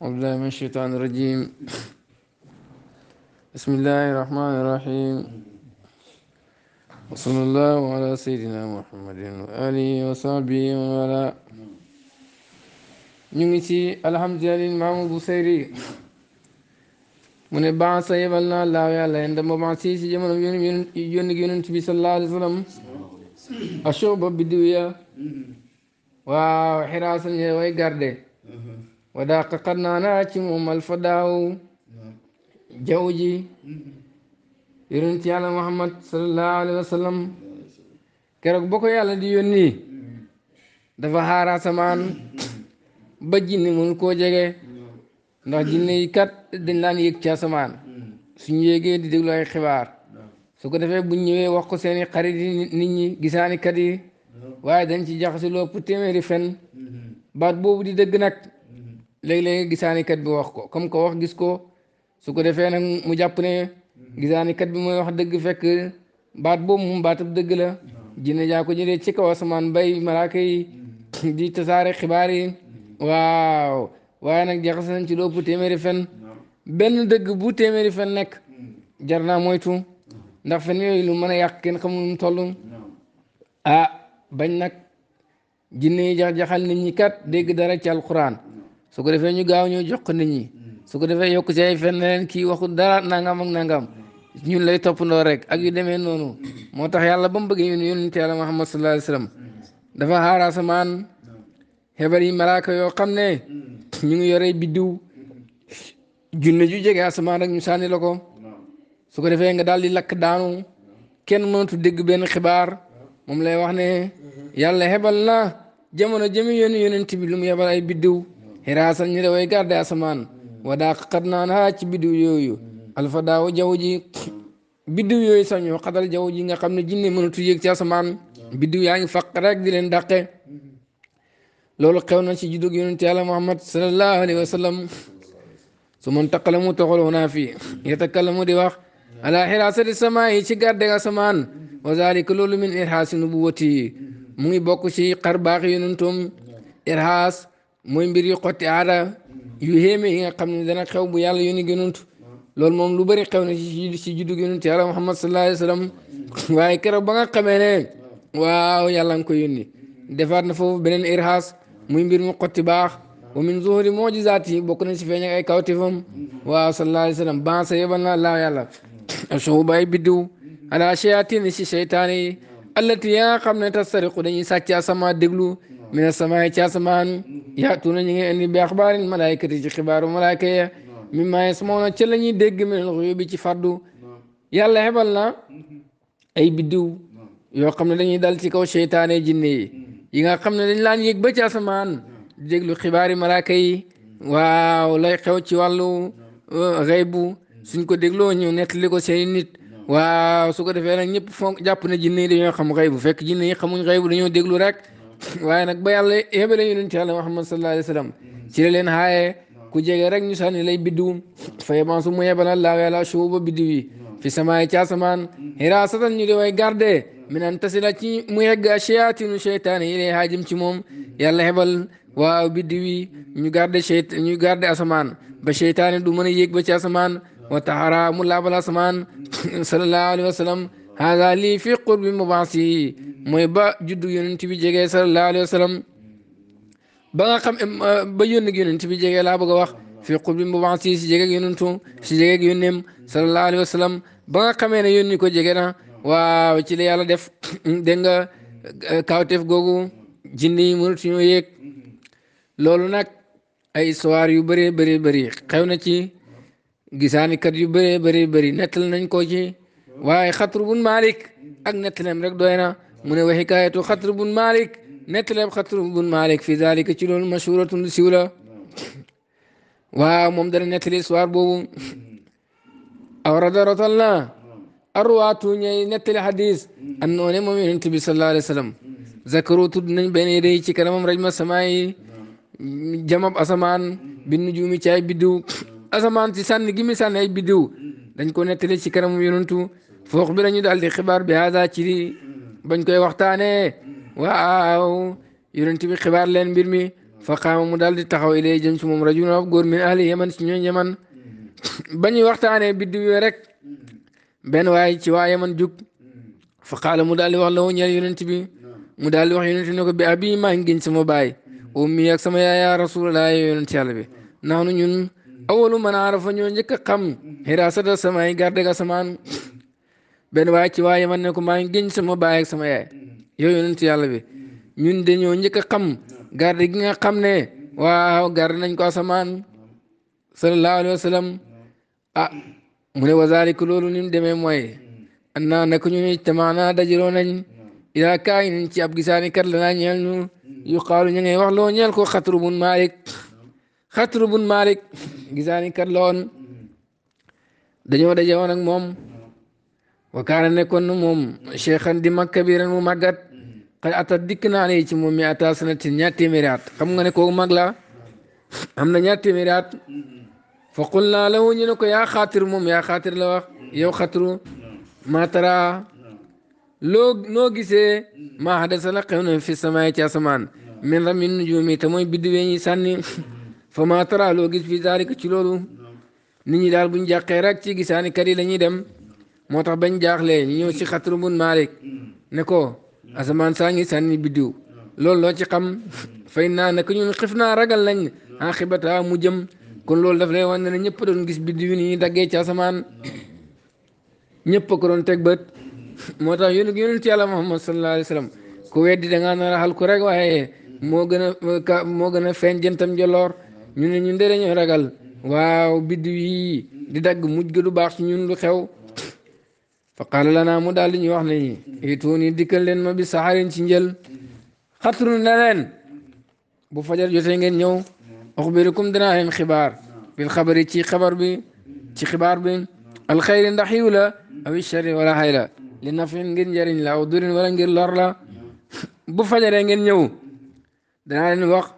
أعوذ بالله من الشيطان الرجيم بسم الله الرحمن الرحيم وصلى الله على سيدنا محمد وآله وصحبه ومن والاه نيجي الحمد لله الإمام البصيري من بعث يبلنا الله يعلى عندما بعث في جمل يون يون يون يون النبي صلى الله عليه وسلم أشوب بدويا وحراسة ويغاردة wadaaka kat naa naa ci moom alfadaaw jaww ji yonent yàlla muhammad sallallahu alayhi wa keroog ba ko yàlla di yónni dafa xaar asamaan ba jinni mënu koo jege ndax jinni yi kat dañ daan yëg ci asamaan suñu yéegee di déglu ay xibaar su ko defee buñ ñëwee wax ko seeni xarit yi nit ñi gisaani kat yi waaye dañ ci jaxasi loo pour téeméeri fen baat boobu di dëgg nag léeg-léeg gisaanikat bi wax ko comme ko wax gis ko su ko defee nag mu jàpp ne gisaanikat bi mooy wax dëgg fekk baat boobu moom baatab dëgg la jinne jaa ko jëlee ci kaw asamaan bay malaaka yi mm-hmm. di tasaare xibaar yi mm-hmm. waaw waaye nag jaxase nañ ci lu ëpp téeméeri fen benn dëgg bu téeméeri fen nekk mm-hmm. jar naa moytu ndax fen yooyu lu mën a yàq kenn xamul mu toll ah bañ nag jinne yi jax-jaxal nit ñi kat dégg dara ci alquran su ko defee ñu gaaw ñoo jox ko nit ñi mm. su ko defee yokk ci ay fen kii waxul dara nangam ak nangam mm. ñun lay toppandoo rek ak yu demee noonu moo tax yàlla ba mu bëggee ñun yonent yàlla Muhammad sallallahu alayhi wa mm. dafa xaaraa samaan xebar yi yoo xam ne ñu ngi yore biddiw junne ju jege asamaan rek ñu sànni la ko ko defee nga daal di lakk daanu kenn mënatu dégg benn xibaar moom lay wax ne mm-hmm. yàlla xebal na jamono jëmi yoonu yonent bi lu mu yebal ay biddiw xiraasan ñi da way garde asamaan wa daa xat naan haa ci biddiw yooyu alfa daaw jaww ji biddiw yooyu sax ñoo xatal jaww ji nga xam ne jinne mënatu yéeg ci asamaan biddiw yaa ngi faq rek di leen dàqe loolu xew na ci juddug yonent yàlla muhammad sallallahu alayhi wa sallam su man taqala mu naa woonaa fii yatakallamu di wax ala xiraasati samaa yi ci garde asamaan wa zalika loolu min irhaasi nubuwati mu ngi bokk ci xar baax yonentum irhaas mooy mbir yu xotti aada yu yéeme yi nga xam ne dana xew bu yàlla yónni gënunt loolu moom lu bari xew na ci ci juddu gënunt yàlla Muhammad sallallahu alayhi waaye keroog ba nga xamee ne waaw yàlla nga ko yónni defaat na foofu beneen irhaas muy mbir mu xotti baax wa min zuhuri mojizaat yi bokk na ci feeñ ak ay kawtifam waaw sallallahu alayhi wa sallam ban sa na laa yàlla a ay biddiw ala shayatin si seytaan yi allati ya nga xam ne tastariqu dañuy sàcc asama déglu mina samaay ci asamaan mm-hmm. yaatuuna ñu ngi indi bi axbaarin malaayikati ci xibaaru malaayka ya mi maaye samoona ca la ñuy dégg min al bi ci faddu yàlla xebal na mm-hmm. ay biddiw yoo xam ne dañuy dal ci kaw seytaane jinne yi mm-hmm. yi nga xam ne dañ laan yëg ba ci asamaan déglu xibaari malaaka yi waaw lay xew ci wàllu xaybu uh, suñ ko dégloo ñu li ko seen nit waaw su ko defee nag ñëpp fonk jàpp na jinne yi dañoo xam xaybu fekk jinne xamuñ xaybu dañoo déglu rek waaye nag ba yàlla yebale yonent yàlla Muhammad sallallahu wa sallam ci la leen xaaye ku jege rek ñu sànni lay biddiwum fa yeban su mu yebal allah yàlla shuuba biddiw yi fi samaay ci asamaan hiraasatan ñu di way garde min an tasila ci mu yegg shayaatinu sheytaane yi lay haajim ci moom yalla hebal waaw biddiw yi ñu garde sheyt ñu garde asamaan ba sheytaane du mën a yéeg ba ci asamaan wa taxara mu laabal asamaan sallallahu alayhi wa sallam hada lii fi qurbi mubaasi mooy ba juddu yonent bi jege sallallahu alayhi wa ba nga xam ba yónni yonent bi jege laa bëgg a wax fi qurbi mubaasi si jege yonentu si jege yónneem sallallahu alayhi wa sallam ba nga xamee ne yónni ko jege na waaw ci la yàlla def dégg nga kawteef googu jinne yi mënatuñoo yéeg loolu nag ay histoire yu bëree bëri bëri xew na ci gisaanikat yu bëree bëri bëri nettal nañ ko ci. waaye xatru bun malik ak nettalem rek doy na mu ne wa xikaayatu xatru bun malik nettalem xatru bun malik fi dalika ci loolu mashhuratun lu siw la waaw moom dana nettali histoire boobu awrada rotal na arwaatu ñay nettali xadis an noone moom yonent bi sallallahu alayhi wa sallam zakaru tudd nañ benn yedey ci kanamam rajma samaay jamab asamaan bi nujuumi ci ay biddiw asamaan ci sànni gi mi sànni ay biddiw dañ ko nettali ci kanamu yonantu foox bi dañu daal di xibaar bi haada ci bañ koy waxtaanee waaw yonent bi xibaar leen mbir mi fa xaama mu daal di taxaw ilay jëm si moom rajulun ab góor min ahli yaman si ñooñ yaman bañuy waxtaanee biddiw yooyu rek benn waay ci waa yaman jug fa xaala mu daal wax la wu ñeel yonent bi mu daal di wax yonent ne ko bi abi maa ngi giñ sama baay ummi ak sama yaay yaa rasulallah yonent yàlla bi naanu ñun awalu man arafa ñoo njëkk a xam xiraasata samay garde ga samaan benn waaye ci waaye man ne ko maa ngi sama baay ak sama yaay yow yonent yàlla bi ñun de ñoo njëkk a xam garde gi nga xam ne waaw garde nañ ko asamaan sallallahu alayhi wa sallam ah mu ne wazalika loolu ni mu demee mooy an naa naka ñu ne tamaana dajaloo nañ ila kaay ci ab gisaani kat ñeel ñu yu xaalu ñeel ko xatru mun maalik xatru bun malik gisaani kat la dañoo daje woon moom wakaana nekkoon na moom cheikhan di kabiran mu màggat xay ata dikk naa ne ci moom mi ata sanatin ñaar téeméeri at xam nga ne kooku mag la na ñaar téeméeri at ko yaa xaatir moom la wax yow xatru matara loo noo gisee maa xadasa la xew na fi samaay ci asamaan min ramin nujuumi te mooy biddiwee ñi sànni fama tara loo gis fi zalika ci loolu nit ñi daal buñ jàqee rek ci gisaani kër yi la dem moo tax bañ jaaxlee ñu ñëw si xatru bun Malik ne ko asamaan saa ngi sànni biddiw loolu loo ci xam fay naa naka ñun xif naa ragal nañ ah xibata mu jëm kon loolu daf lay wan ne ñëpp doon gis biddiw ni ñuy daggee ci asamaan ñëpp a ko doon teg bët moo tax yónni yónni ci yàlla Muhammad sallallahu alayhi wa sallam ku weddi da ngaa nar a rek waaye moo gën a moo gën a feeñ jëntam jëloor ñu ne ñu de dañoo ragal waaw biddiw yi di dagg muj ga du baax ci ñun lu xew fa qaala lanaa mu daal di ñu wax ne ñi ituuni dikkal leen ma bi saxarin ci njël xatru ne leen bu fajar jotee ngeen ñëw axbirukum danaa leen xibaar ci xabar bi ci xibaar bi alxayri ndax yiw la awi shari wala xay la li nafin ngir njëriñ la aw durin wala ngir lor la bu fajaree ngeen ñëw danaa leen wax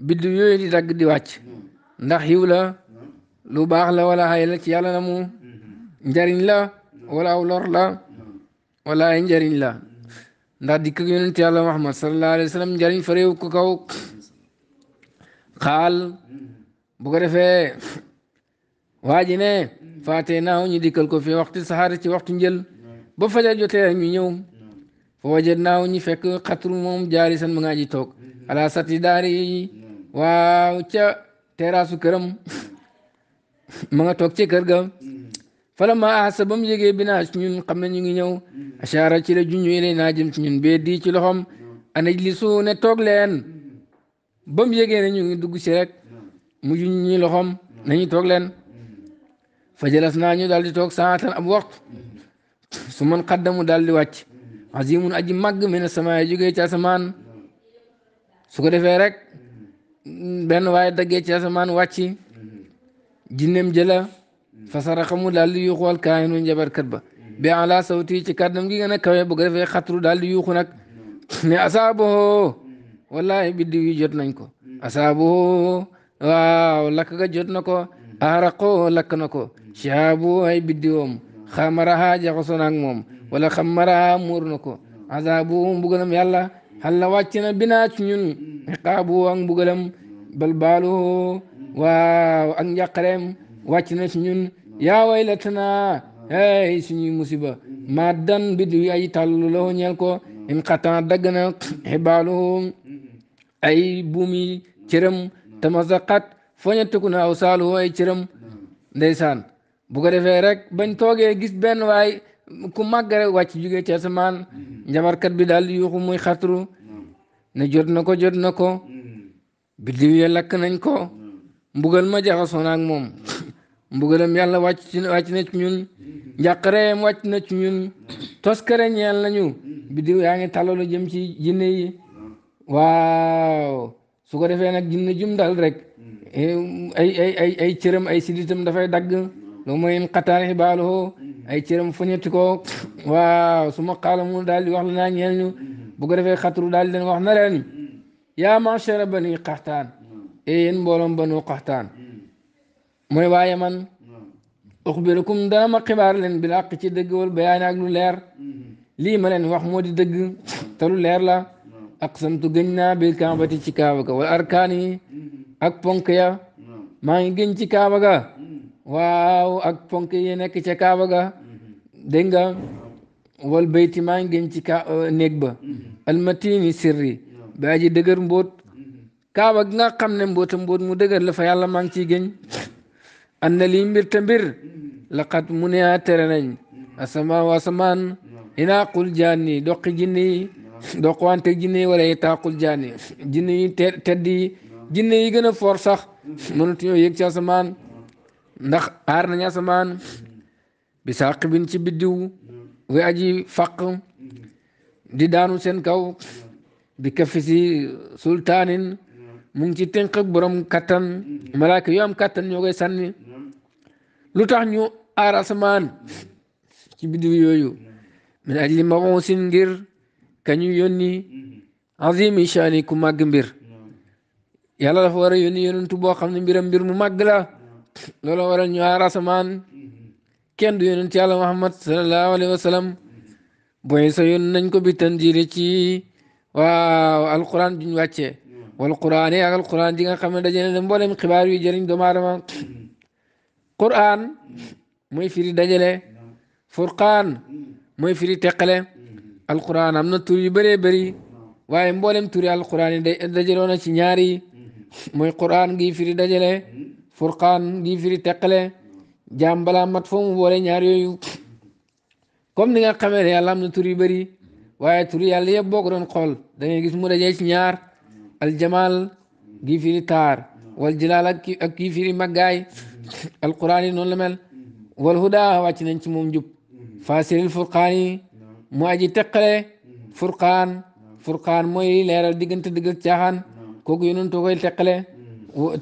biddiw yooyu di dagg di wàcc hmm. ndax yiw la hmm. lu baax la wala xay ci yàlla na mu hmm. njariñ la wala aw lor la wala ay njariñ la ndax dikk yonent yàlla Muhammad sallallahu alayhi wa njariñ fa réew kaw xaal bu ko defee waa ji ne faatee naaw ñu dikkal ko fi waxtu saxaar ci waxtu njël ba fajar jotee ñu ñëw fa wajet naaw ñu fekk xatru moom jaari san ma ngaa toog ala sati daari waaw ca teraasu këram ma nga toog ci kër ga fala ma ahasa ba mu yégee bi naa ñun xam ne ñu ngi ñëw acara ci la junñu ilay naa jëm ci ñun bee di ci loxom anaj li su ne toog leen ba mu na ne ñu ngi dugg si rek mu juñ ñi loxom nañu toog leen fajalas naa ñu daal di toog saatan ab waxtu su man xaddamu daal di wàcc azimun aji màgg mi na sama jógee ci asamaan su ko defee rek benn waaye daggee ci asamaan wàcci jinneem jëla fasara xamu daal di yuuxu alkaayinu njabarkat ba bi ala sawti ci kàddam gi gën a kawe bu ko defee xatru daal di yuuxu nag ne wallahi biddiw yi jot nañ ko asaaboo waaw lakk ga jot na ko aaraqoo lakk na ko shihaabu ay biddiwoom xamaraha jaxaso naag moom wala xamaraha muur na ko asaabu mbugalam yàlla xalla wàcc na binaa ci ñun iqaabu ak mbugalam bal baalu waaw ak njàqareem wàcc na ci ñun yaa waylatana ay suñuy musiba maa dan bid ay tàllu loo ñeel ko in xatan dagg na ay buumi cëram tamasaqat foñattiku na aw saalu ay cëram ndeysaan bu ko defee rek toogee gis benn waay ku màgg rek wàcc jugee ci asamaan mm-hmm. njabarkat bi daal di yuuxu muy xatru mm-hmm. ne jot na ko jot na ko mm-hmm. biddiw ya lakk nañ ko mbugal ma jaxasoo na moom mbugalam yàlla wàcc ci wàcc na ci ñun njàqareem wàcc na ci ñun toskare ñeel nañu biddiw yaa ngi tàllalu jëm ci jinne yi waaw su ko defee nag jinne jum dal rek eh, ay ay ay ay ay siditam dafay dagg lu muy xataan xibaaluhu mm-hmm. ay cëram foñet ko waaw su ma xaala mu daal di wax la naa ñeel ñu mm-hmm. bu ko defee xatru daal di leen wax na leen mm-hmm. yaa machara bani qaxtaan e yéen mbooloom banu qaxtaan mu ne waaye man uxbirukum dana ma xibaar leen bil àq ci dëgg wal bayaan ak lu leer lii ma leen wax moo di dëgg te leer la ak aqsamtu gëñ naa bil kaabati ci kaaba ga wal arkaan ak ponk ya maa ngi ci kaaba ga waaw ak ponk yi nekk ca Kaaba ga dégg nga wal bayti maa ngi gën ci ka euh, néeg ba mm-hmm. almatini sirri baa dëgër mbóot mm-hmm. Kaaba gi nga xam ne mbóota mbóot mu dëgër la fa yàlla maa ngi ciy gëñ an na lii mbir te mbir mu ne a tere nañ mm-hmm. asamaan wa asamaan inaaqul jaanni doqi jinni doqwante jinne yi wala itaaqul jaanni jinne yi tedd yi jinne yi gën a foor sax mënatuñoo yëg ci asamaan ndax aar nañu asamaan bi sàq bin ci biddiw way aji faq di daanu seen kaw bi kafi si sultaanin mu ngi ci tënk ak borom kattan malaaka yoo am kattan ñoo koy sànni lu tax ñu aar asamaan ci biddiw yooyu min ajli maonsin ngir kañu yónni azimi shaani ku màgg mbir yàlla dafa war a yónni yonentu boo xam ne mbiram mu màgg la loolu waral ñu aar asamaan kenn du yonent yàlla Muhammad sallallahu alayhi wa sallam booy sa yoon nañ ko bi tanjiiri ci waaw alquran bi ñu wàccee wal quraan yi ak alquran ji nga xam ne dajale na mboolem xibaar yu jëriñ doomu aadama quraan mooy firi dajale furqaan mooy firi teqale alquran am na tur yu bëree bëri waaye mboolem turi alquran yi dajaloo na ci ñaari mooy quraan gi firi dajale. furqaan lii firi teqale jaam balaa mat foo mu boole ñaar yooyu comme ni nga xamee ne yàlla am na tur yu bëri waaye tur yàlla yëpp boo ko doon xool da gis mu dajee ci ñaar aljamal gii firi taar wal jilaal ak ak kii firi màggaay alquran yi noonu la mel wal huda wàcc nañ ci moom jub faasiril furqaan yi mu aji teqale furqaan furqaan mooy leeral diggante dëgg ak caaxaan kooku yonentoo koy teqale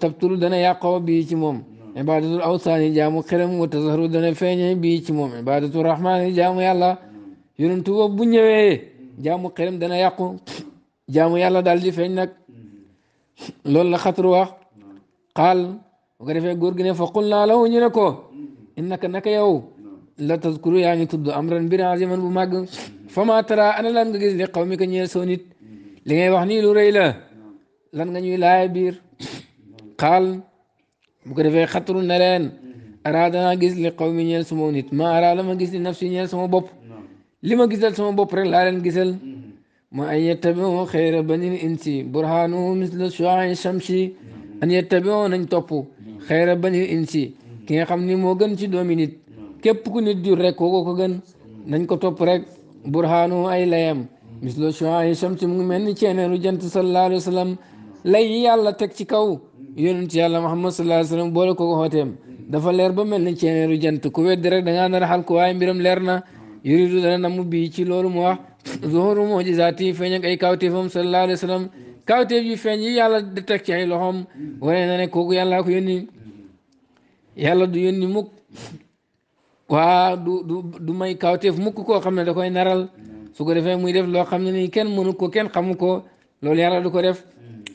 tabtulu dana yàqoo bii ci moom ibadatul awsaani jaamu xërëm wa tasaharu dana feeñe bii ci moom ibadatul rahmaani jaamu yàlla yonentu boobu bu ñëwee jaamu xërëm dana yàqu jaamu yàlla daal di feeñ nag loolu la xatru wax xaal bu ko gi ne fa qul naa lahu ñu ne ko innaka naka yow la taskuru yaa ngi tudd ana lan nga li xaw mi ko li ngay wax lan nga ñuy xaal bu ko defee xatru ne leen mm-hmm. araa danaa gis li xaw mi nit ma araa la ma gis li nafsi ñeel sama bopp mm-hmm. li ma gisal sama bopp rek laa leen gisal mm-hmm. ma an yettabiu xayra banil insi burhaanuhu misla shuaai shamsi an yettabiu nañ topp xayra banil insi ki nga xam ni moo gën ci doomi nit ku nit jur ko kooko ko gën nañ ko topp rek burhaanuhu ay layam misla shuaai shamsi mu ngi ceeneeru jant sallallahu alayhi wa sallam lay yàlla teg ci kaw yonent yàlla Muhammad sallallahu alayhi wa sallam ko kooku dafa leer ba mel ni ceeneeru jant ko weddi rek da ngaa nar ko waaye mbiram leer na yuridu dana namu bi ci loolu mu wax zuhuru mujizaati feeñ ak ay kawteefam sallallahu alayhi wa sallam kawteef yu feeñ yi yàlla di teg ci ay loxoom wane na ne kooku ko yónni yàlla du yónni mukk waa du du may kawteef mukk koo xam ne da koy naral su ko defee muy def loo xam ne nii kenn mënu ko kenn xamu ko loolu yàlla du ko def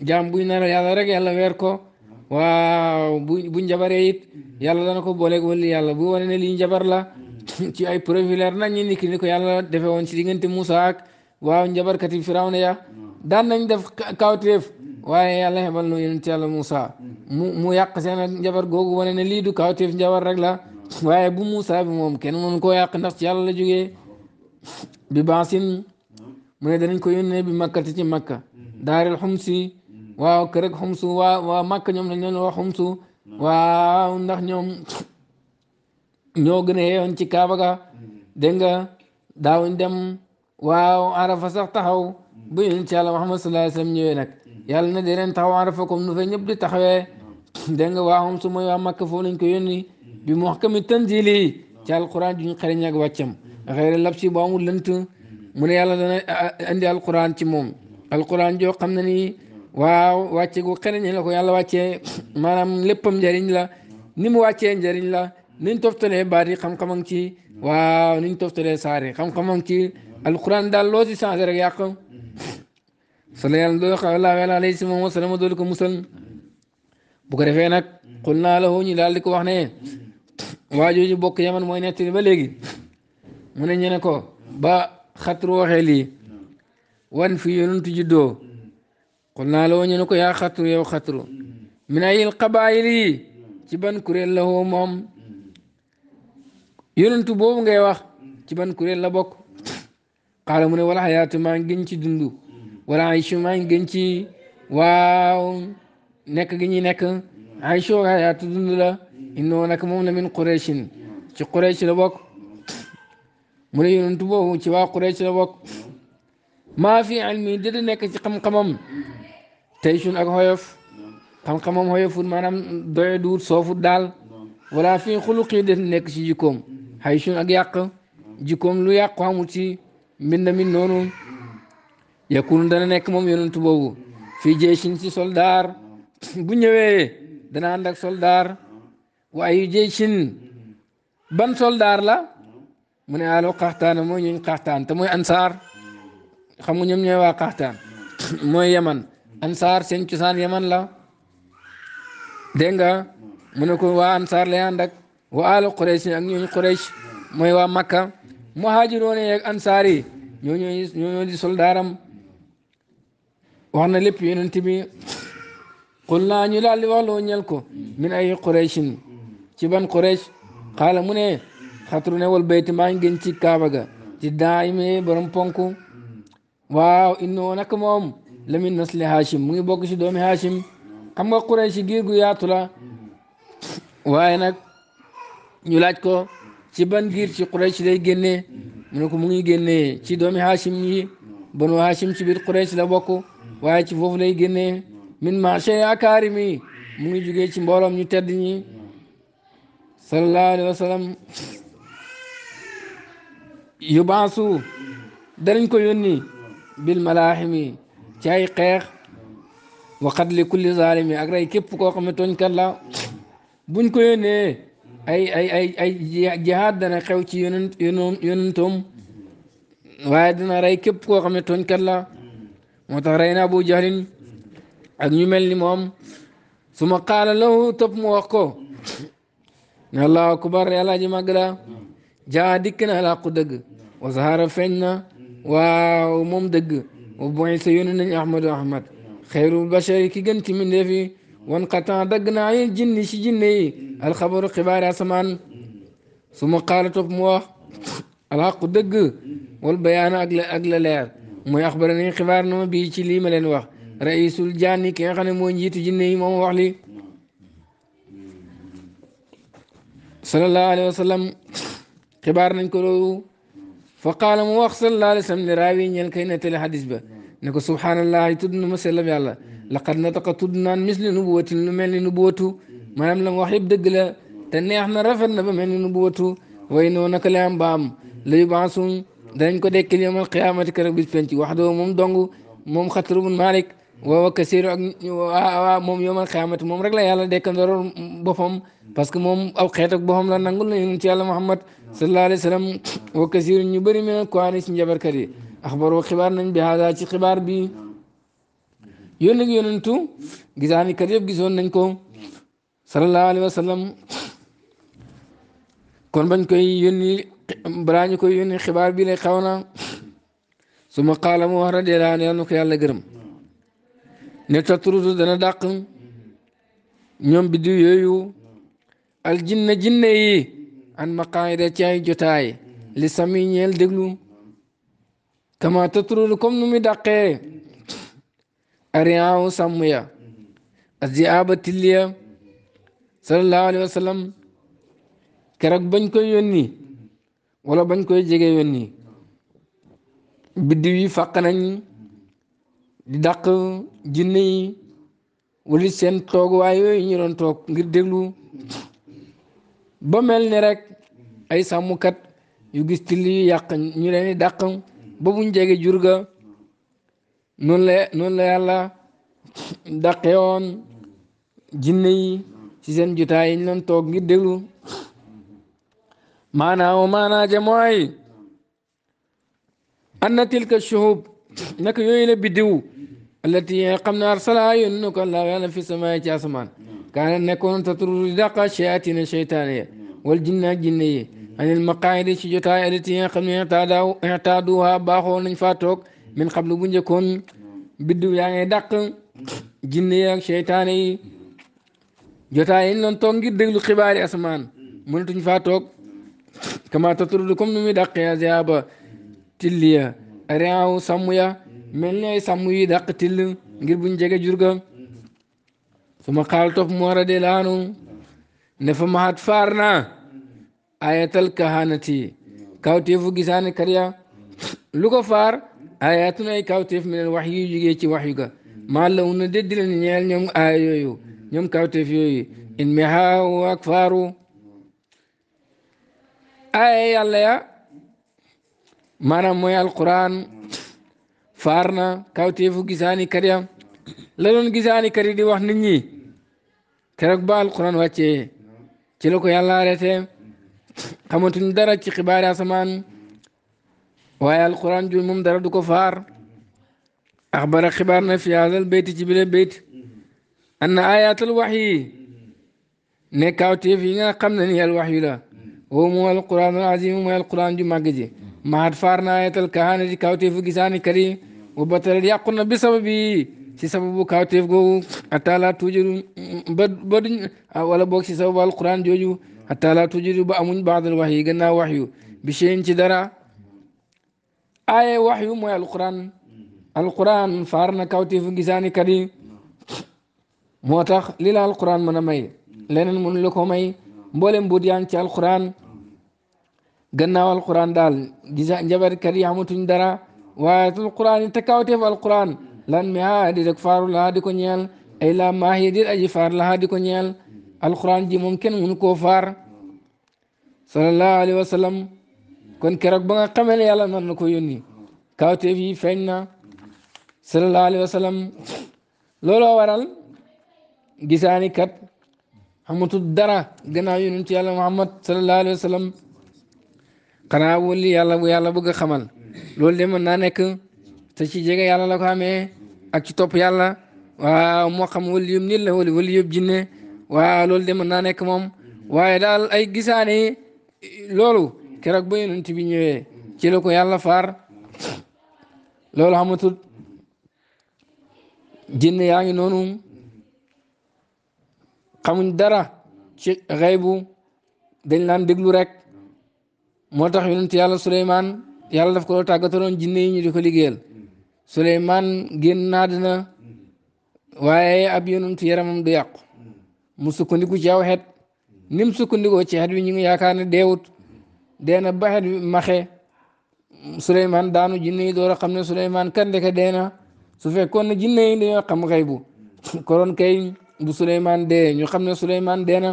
jaam buy naral waaw bu bu njabaree it yàlla dana ko booleeg wala yàlla bu wane ne lii njabar la ci ay preuve leer nañ ñi niki ko yàlla defee woon ci diggante Moussa ak waaw njabarkati Firawna ya daan nañ def kawteef waaye yàlla xebal nu yonent yàlla musaa mu mu yàq seen njabar googu wane na lii du kawteef njabar rek la waaye bu Moussa bi moom kenn mënu ko yàq ndax ci yàlla la jógee bi baasin mu ne danañ ko yónnee bi makkati ci makka daaril xumsi waaw kër ak xumsu waa waa màkk ñoom dañ leen wax xumsu waaw ndax ñoom ñoo gën a yeewoon ci kaaba ga dégg nga daawuñ dem waa arafa sax taxaw bu insha allah muhammad sallallahu alayhi wasallam ñëwee nag yàlla na dereen leen taxaw arafa comme nu fa ñëpp di taxawee dégg nga waa xumsu mooy waa màkk foofu lañ ko yónni bi mu xakami tanzili ci alquran duñu xereñ ak wàccam xëyre lab si bu amul lënt mu ne yàlla dana andi alquran ci moom alquran joo xam ne waaw wàcce gu xeneñ la ko yàlla wàccee maanaam léppam njëriñ la ni mu wàccee njëriñ la niñ toftalee baat yi xam-xamam ci waaw niñ toftalee saar yi xam-xamam ci alquran daal loo si changé rek yàq sala yàlla doolu xalallaahu ala alayhi si ko musal bu ko defee nag xul naa la ñu daal di ko wax ne waajooju bokk yaman mooy nettali ba léegi mu ne ñu ne ko ba xatru waxee lii wan fi yonent juddoo xul naa la ñu ne ko yaa xatru yow xatru min ayil qabaayil yi ci ban kuréel la woo moom yonentu boobu ngay wax ci ban kuréel la bokk xaala mu ne wala xayaatu maa ngi gën ci dund wala maa ngi gën ci waaw nekk gi ñuy nekk aychu xayaatu dund la innoo nag moom la min quraychin ci quraysh la bokk mu ne yonentu boobu ci waa quraysh la bokk maa fi almi dëdd nekk ci xam tey suñ ak xoyof xam-xamam xoyofut maanaam doye duut soofut daal wala fi xuluqi def nekk ci jikkoom xay mm-hmm. suñ ak yàq jikkoom lu yàqu amul ci mbind mi noonu mm-hmm. yakunu dana nekk moom yonentu boobu mm-hmm. fii jeexin ci soldaar bu ñëwee dana ànd ak soldaar waaye jeexin ban soldaar la mu ne aloo xaxtaana mooy ñuñ xaxtaan te mooy ansaar xam nga ñoom ñooy waa xaxtaan mooy yaman ansaar seen cosaan yaman la dégg nga mu ne ko waa ansaar lay ànd ak waa alu ak ñooñu Quraysh mooy waa Makka muhaajiroon yeeg ansaar yi ñooñu ñooñu di soldaaram wax na lépp yonent bi qul naa ñu daal di wax loo ñel ko min ay Qurayshin ci ban Quraysh xaala mu ne xatru ne wal bayti maa ngi gën ci Kaaba ga ci daay mi borom ponk waaw innoo nag moom. lamin nasli Hachim mu ngi bokk ci doomi Hachim xam nga Quraysh giir gu la waaye nag ñu laaj ko ci ban giir ci Quraysh lay génnee mu ne mu ngi génnee ci doomi Hachim yi banu Hachim ci biir Quraysh la bokk waaye ci foofu lay génnee min maché akaarimi mu ngi jugee ci mbooloom ñu tedd ñi sallallahu alayhi wa sallam yubaasu danañ ko yónni bil malaaximi ci ay xeex waxat li kulli zaalimi ak rey képp koo xam ne tooñkat la buñ ko yónnee ay ay ay ay jihaad dana xew ci yonent yonentoom waaye dina rey képp koo xam ne tooñkat la moo tax ray na Abu Jahlin ak ñu mel ni moom su ma qaala lahu topp mu wax ko ne allahu akbar yàlla ji màgg la jaa dikk na làqu dëgg wa zahara feeñ na waaw moom dëgg wa bu'itha yónni nañ ahmadu ahmad xayrul bashari ki gën ci mbindeef yi wan xatan dagg naa yi jinni ci jinne yi alxabaru xibaari asamaan su ma qaala topp mu wax alxaqu dëgg wal bayaana ak la ak la leer mooy axbara nañ xibaar na ma bii ci lii ma leen wax raisul jaani ki nga xam ne mooy njiitu jinne yi moom wax li sallallahu alayhi wa sallam xibaar nañ ko loolu fa qaala mu wax sallallahu alayhi wa sallam ne raawi ñeel kay nettali xadis ba ne ko subhaanallahi tudd na ma sellam yàlla laqad nataqa tudd naan misli nubuwatin lu mel ni nubuwatu maanaam la nga wax yëpp dëgg la te neex na rafet na ba mel ni nubuwatu way noo naka la am baam la yubaasuñ danañ ko dekkil yawmal qiyaamati keroog bis penc wax doo moom dong moom xatarubun malik waaw kasiir ak waaw moom yoomal xiyaamati moom rek la yàlla dekkandooroon boppam parce que moom aw xeet ak boppam la nangul na yonent yàlla Muhammad sallallahu alayhi wa sallam wa kasiir ñu bari me kuwaani si njabarkat yi axbaroo xibaar nañ bi haada ci xibaar bi yónni gi yonentu gisaani kat yëpp gisoon nañ ko sallallahu alayhi wa sallam kon bañ koy yónni balaa ñu koy yónni xibaar bi lay xaw na su ma qaala mu wax radiyallahu anhu yàlla na ko yàlla gërëm ne tatrudu dana dàq ñoom biddiw yooyu aljinna jinne yi an maqaayida ci ay jotaay li sami ñeel déglu kama tatrudu comme nu muy dàqee ariaaw sàmm ya aziaba tilliya sallallahu alayhi wa sallam keroog bañ koy yónni wala bañ koy jege yónni biddiw yi nañ di dàq jinne yi wala seen tooguwaay yooyu ñu doon toog ngir déglu ba mel ni rek ay sàmmkat yu gis till yu yàq ñu leen di dàq ba buñ jege jur ga noonu la yàlla dàqee woon jinne yi ci seen jotaay yi ñu doon toog ngir déglu maanaa o mooy anna tilka shuhub naka yooyu la biddiw allati yi nga xam ne arsala yónni na ko allah yàlla fi samaay ci asamaan kaana nekkoon tatru di dàqa shayatina sheytaane ya wal jinne ak jinne yi anil maqaayidi ci jotaay allati yi nga xam ne itaadaa itaaduha baaxoo nañ faa toog min xablu bu njëkkoon biddiw yaa ngay dàq jinne ak sheytaane jotaay yi ñu doon toog ngir déglu xibaari asamaan mënatuñ faa toog kama tatru comme nu muy dàqee aziaba tilliya riyaaw sàmm ya mm-hmm. mel ni ay sàmm yi dàq till ngir buñ jege jur ga mm-hmm. su ma xaal topp mu war a ne fa maat faar naa mm-hmm. ayatal kahanati kawteefu gisaane kariya lu ko faar ayatun ay kawteef minel wax yu jugee ci wax ga maa la wu na déddi leen ñeel ñoom aaya yooyu ñoom kawteef yooyu in mihaaw ak faaru aaya yàlla ya maanaam mooy alquran faar na kawteefu gisaani kat ya la doon gisaani kat di wax nit ñi keroog ba alquran wàccee ci la ko yàlla arrêté dara ci xibaari asamaan waaye alquran ju moom dara du ko faar axbara xibaar na fi haadal bayt ci bile bayt anna ayatal waxyi ne kawteef yi nga xam ne ni al waxyu la woo moom alquran al azim mooy alquran ju màgg ji maat faar naa yetal kaxaani ci kawteefu gisaani kat yi wa batalat na bi sabab ci sababu kawteef googu hatta laa tuujidu ba ba jooju hatta laa ba amuñ baadal wax yi gannaaw wax yu bi sheen ci dara aaye wax yu mooy alquran alquran faar na kawteefu gisaani kat yi moo tax li la alquran mën a may leneen mënu la ko may mboolem buut yaa ngi ci alquran gannaaw alquran daal gisa njabarkat yi xamatuñ dara waayatul quran yi takkawteef alquran lan mi haa di faaru lahaa di ko ñeel ay laa maa hiya dir aji faar ko ñeel alquran ji moom kenn mënu koo faar sallallahu alayhi kon keroog ba nga xamee yàlla nan na ko yónni kawteef yi feeñ na sallallahu waral gisaani kat xamatul dara gannaaw yonent yàlla muhammad sallallahu alayhi xanaa wuli yàlla bu yàlla bëgg a xamal loolu de mën naa nekk ci jege yàlla la ko amee ak ci topp yàlla waaw moo xam wali yëpp nit la wali wali yëpp jinne waaw loolu de mën naa nekk moom waaye daal ay gisaane loolu keroog ba yonent bi ñëwee ci la ko yàlla faar loolu xamatul jinne yaa ngi noonu xamuñ dara ci xëy bu dañ laan déglu rek moo tax yu yonent yàlla Suleymaan yàlla daf ko tàggataloon jinne yi ñu di ko liggéeyal Suleymaan génn naa dina waaye ab yonent yaramam du yàqu mu sukkandiku ci aw xet ni mu sukkandikoo ci xet wi ñu ngi yaakaar ne deewut dee na ba xet wi maxe Suleymaan daanu jinne yi door a xam ne Suleymaan kan ndeke dee na su fekkoon ne jinne yi dañoo xam kay bu koroon kay bu Suleymaan dee ñu xam ne Suleymaan dee na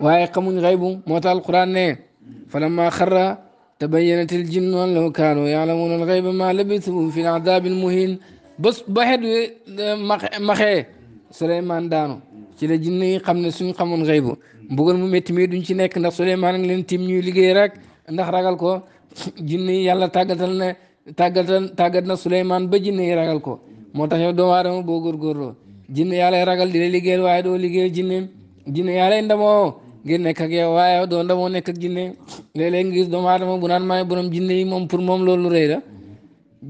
waaye xamuñ xay bu moo tax alquran ne falamma xarra tabayyanat il jinnu an law kaanu yaalamuuna alxayba ma labisu fi adaabin muhin bés ba xet wi maxee Souleymane daanu ci la jinne yi xam ne suñ xamoon xaybu mbugal mu metti mii duñ ci nekk ndax Souleymane ngi leen tim ñuy liggéey rek ndax ragal ko jinne yi yàlla tàggatal na tàggatal tàggat na Souleymane ba jinne yi ragal ko moo tax yow doomu aadama di la liggéeyal waaye doo liggéeyal jinne jinne ngir nekk ak yow waaye yow doon damoo nekk ak jinne léeg-léeg nga gis doomu aadama bu naan maay borom jinne yi moom pour moom loolu rëy la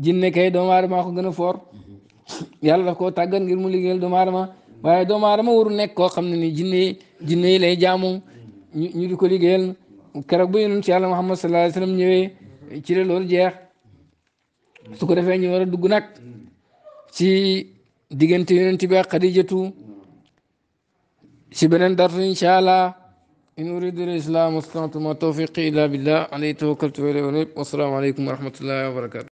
jinne kay doomu aadama ko gën a foor yàlla daf koo tàggat ngir mu liggéeyal doom adama waaye doom aadama waru nekk koo xam ne ni jinne yi jinne yi lay jaamu ñu di ko liggéeyal keroog bu yonent yàlla Muhammad sallallahu alayhi wa sallam ñëwee ci la loolu jeex su ko defee ñu war a dugg nag ci diggante yonent bi ak Xadijatu beneen dartu incha allah إن أريد الإسلام واستطعت ما توفيقي إلا بالله عليه توكلت وإليه أنيب والسلام عليكم ورحمة الله وبركاته